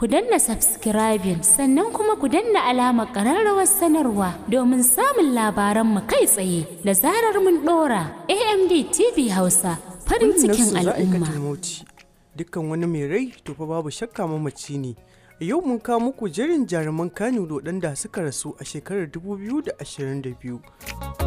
ku danna subscribing sannan kuma ku danna alamar ƙararrawar sanarwa domin samun labaranmu kai tsaye da zarar mun ɗora amd tv hausa farin cikin al'umma dukkan wani mai rai to fa babu shakka mamaci ne yau mun kawo muku jerin jaruman kanu da suka rasu a shekarar 2022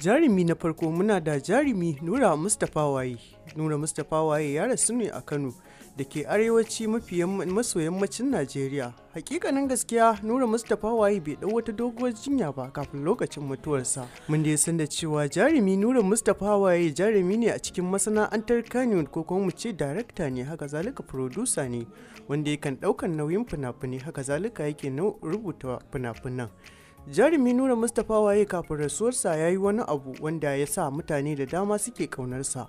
jarumi na farko muna da jarumi nura mustapha waye nura mustapha waye ya rasu ne a kano da ke arewaci maso yammacin najeriya hakikanin gaskiya nura mustapha waye bai dau wata doguwar jinya ba kafin lokacin mutuwarsa mun dai san da cewa jarumi nura mustapha waye jarumi ne a cikin masana'antar kano ko kuma mu ce darakta ne haka zalika producer ne wanda yakan daukan nauyin fina-finai haka zalika yake rubuta fina-finan jarumi nura mustapha waye kafin rasuwarsa ya yi wani abu wanda ya sa mutane da dama suke kaunarsa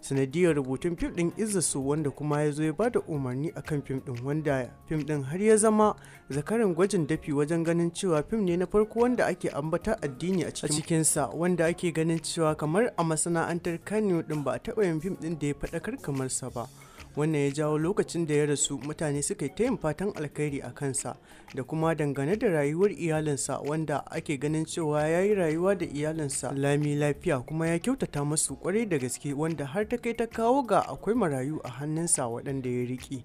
sanadiyar rubutun fim ɗin izasu wanda kuma ya zo ya bada umarni akan fim ɗin wanda fim ɗin har ya zama zakarin gwajin dafi wajen ganin cewa fim ne na farko wanda ake ambata addini a cikinsa wanda ake ganin cewa kamar a masana'antar kano din ba a taɓa yin fim ɗin da ya faɗakar kamar sa ba wannan ya jawo lokacin da ya rasu mutane suka yi yin fatan alkhairi a kansa da kuma dangane da rayuwar iyalinsa wanda ake ganin cewa ya yi rayuwa da iyalinsa lami lafiya kuma ya kyautata masu kwarai da gaske wanda har ta kai ta kawo ga akwai marayu a hannunsa waɗanda ya riƙe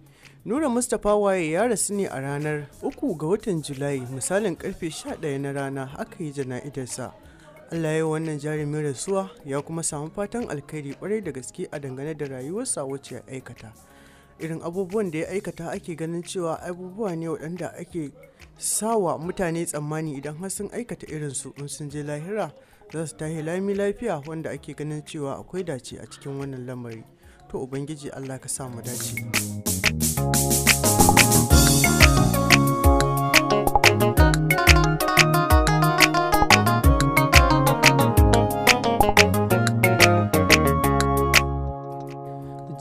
nura mustapha waye ya rasu ne a ranar 3 ga watan julai misalin karfe 11 na rana aka yi jana'idarsa Allah ya wannan jarumin rasuwa ya kuma samu fatan alkhairi kwarai da gaske a dangane da rayuwarsa wacce ya aikata irin abubuwan da ya aikata ake ganin cewa abubuwa ne waɗanda ake sawa mutane tsammani idan har sun aikata irin su in sun je lahira za su tahi lami lafiya wanda ake ganin cewa akwai dace a cikin wannan lamari to ubangiji Allah ka sa mu dace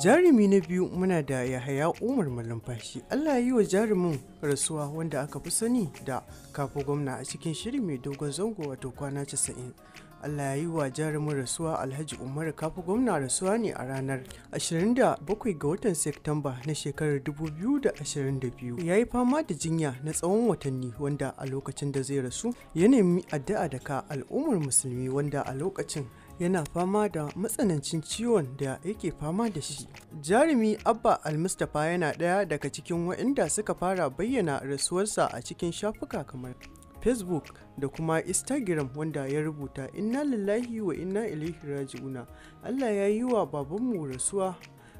jarumi na biyu muna da yahaya umar malumfashi allah yi wa jarumin rasuwa wanda aka fi sani da kafa gwamna a cikin shiri mai dogon zango wato kwana 90 allah yi wa jarumin rasuwa alhaji umar kafa gwamna rasuwa ne a ranar 27 ga watan septamba na shekarar 2022 ya yi fama da jinya na tsawon watanni wanda a lokacin da zai rasu ya nemi addu'a daga al'ummar musulmi wanda a lokacin yana fama da matsanancin ciwon da yake fama da shi. Jarumi Abba Almustapha yana ɗaya daga cikin waɗanda suka fara bayyana rasuwarsa a cikin shafuka kamar Facebook da kuma Instagram wanda ya rubuta Inna lillahi wa inna ilaihi raji'una. Allah ya yi wa babanmu rasuwa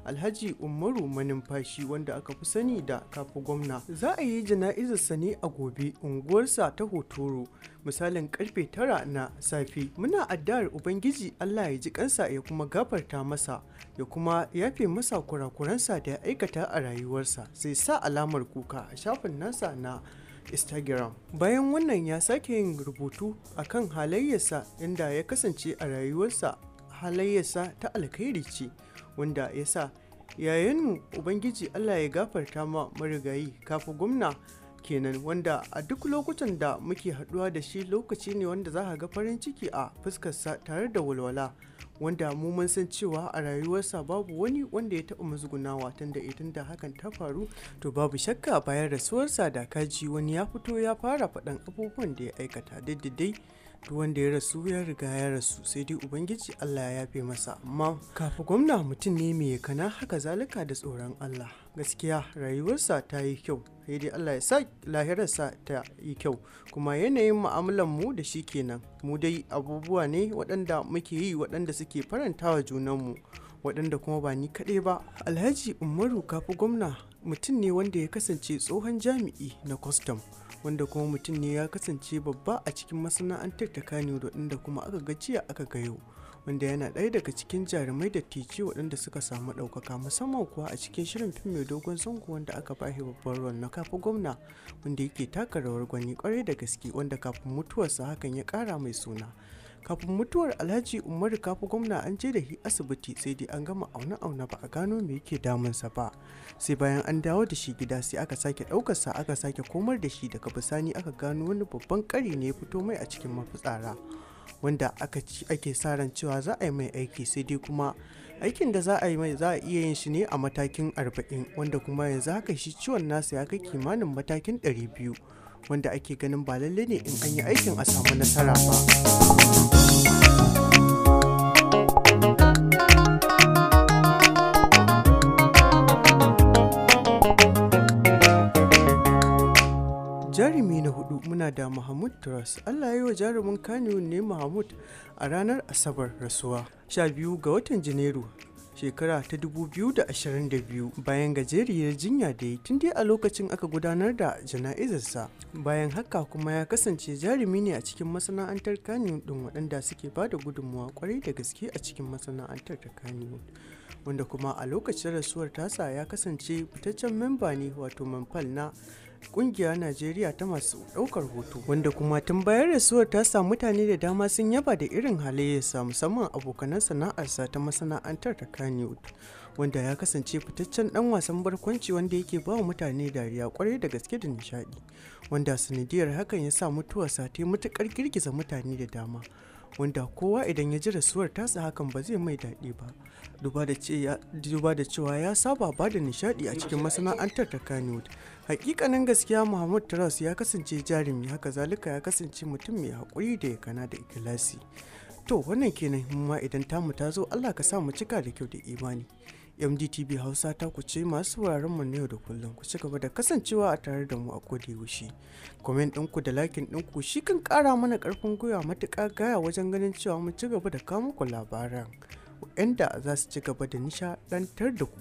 alhaji umaru manumfashi wanda aka fi sani da kafa gwamna za a yi jana'izarsa ne a gobe unguwarsa ta hotoro misalin karfe tara na safe muna addu'ar ubangiji allah ya ji kansa ya kuma gafarta masa ya kuma yafe masa kurakuransa da ya aikata a rayuwarsa sai sa alamar kuka a shafin nasa na Instagram. Bayan wannan ya sake yin rubutu akan halayyarsa inda ya kasance a rayuwarsa halayyarsa ta alkhairi ce wanda ya sa yayin ubangiji allah ya gafarta ma marigayi kafin gwamna kenan wanda a duk lokutan da muke haduwa da shi lokaci ne wanda za a ga farin ciki a fuskarsa tare da walwala wanda mu mun san cewa a rayuwarsa babu wani wanda ya taɓa musgunawa da idan da hakan ta faru to babu shakka bayan rasuwarsa da kaji wani ya fito ya fara faɗan abubuwan da ya aikata daidai duk wanda ya rasu ya riga ya rasu sai dai ubangiji Allah ya yafe masa amma kafa gwamna mutum ne mai kana haka zalika da tsoron Allah gaskiya rayuwarsa ta yi kyau sai dai Allah ya sa lahirarsa ta yi kyau kuma yanayin mu'amalar mu da shi kenan mu dai abubuwa ne waɗanda muke yi waɗanda suke faranta farantawa junanmu waɗanda kuma ba ni kaɗai ba alhaji umaru kafa gwamna mutum ne wanda ya kasance tsohon jami'i na kwastam wanda kuma mutum ne ya kasance babba a cikin masana'antar ta kaniwood inda kuma aka ga jiya aka ga yau wanda yana ɗaya daga cikin jarumai da tece waɗanda suka samu ɗaukaka musamman kuwa a cikin shirin fim mai dogon zango wanda aka bashi babban ruwan na kafa gwamna wanda yake taka rawar gwani kwarai da gaske wanda kafin mutuwarsa hakan ya kara mai suna kafin mutuwar alhaji umaru kafin gwamna an je da shi asibiti sai dai an gama auna-auna ba a gano me yake damunsa ba sai bayan an dawo da shi gida sai aka sake ɗaukarsa aka sake komar da shi daga bisani aka gano wani babban ƙari ne ya fito mai a cikin mafitsara wanda ake sa ran cewa za a yi mai aiki sai dai kuma aikin da za a yi mai za a iya yin shi ne a matakin arba'in wanda kuma yanzu haka shi ciwon nasa ya kai kimanin matakin ɗari biyu. wanda ake ganin ba lalle ne in an yi aikin a samu nasara ba. jarumi na hudu muna da mahmud turas allah ya yi wa jarumin kanu ne mahmud a ranar asabar rasuwa 12 ga watan janairu shekara ta 2022 bayan gajeriyar jinya da yi tun dai a lokacin aka gudanar da jana'izarsa bayan haka kuma ya kasance jarumi ne a cikin masana'antar kaniwood din waɗanda suke ba da gudunmuwa kwarai da gaske a cikin masana'antar ta wanda kuma a lokacin rasuwar tasa ya kasance fitaccen memba ne wato manfal na kungiya Najeriya ta masu ɗaukar hoto wanda kuma tun da rasuwar ta sa mutane da dama sun yaba da irin halayyarsa musamman abokanan sana'arsa ta masana'antar ta Kannywood wanda ya kasance fitaccen dan wasan barkwanci wanda yake ba mutane dariya kwarai da gaske da nishadi wanda sanadiyar hakan ya sa mutuwarsa ta yi matukar girgiza mutane da dama wanda kowa idan ya ji rasuwar tasa hakan ba zai mai daɗi ba duba da cewa ya saba ba da nishadi a cikin masana'antar ta kanewood hakikanin gaskiya muhammad taras ya kasance jarumi haka zalika ya kasance mutum mai haƙuri da ya kana da ikilasi to wannan kenan himma idan tamu ta zo allah ka sa mu cika da kyau da imani mdtv hausa ta ku ce masu wuraren mu na yau da kullum ku ci gaba da kasancewa a tare da mu a kodi yaushe comment ɗinku da lakin ɗinku shi kan ƙara mana ƙarfin gwiwa matuƙa gaya wajen ganin cewa mu ci gaba da kawo muku labaran waɗanda za su ci gaba da nishaɗantar da ku.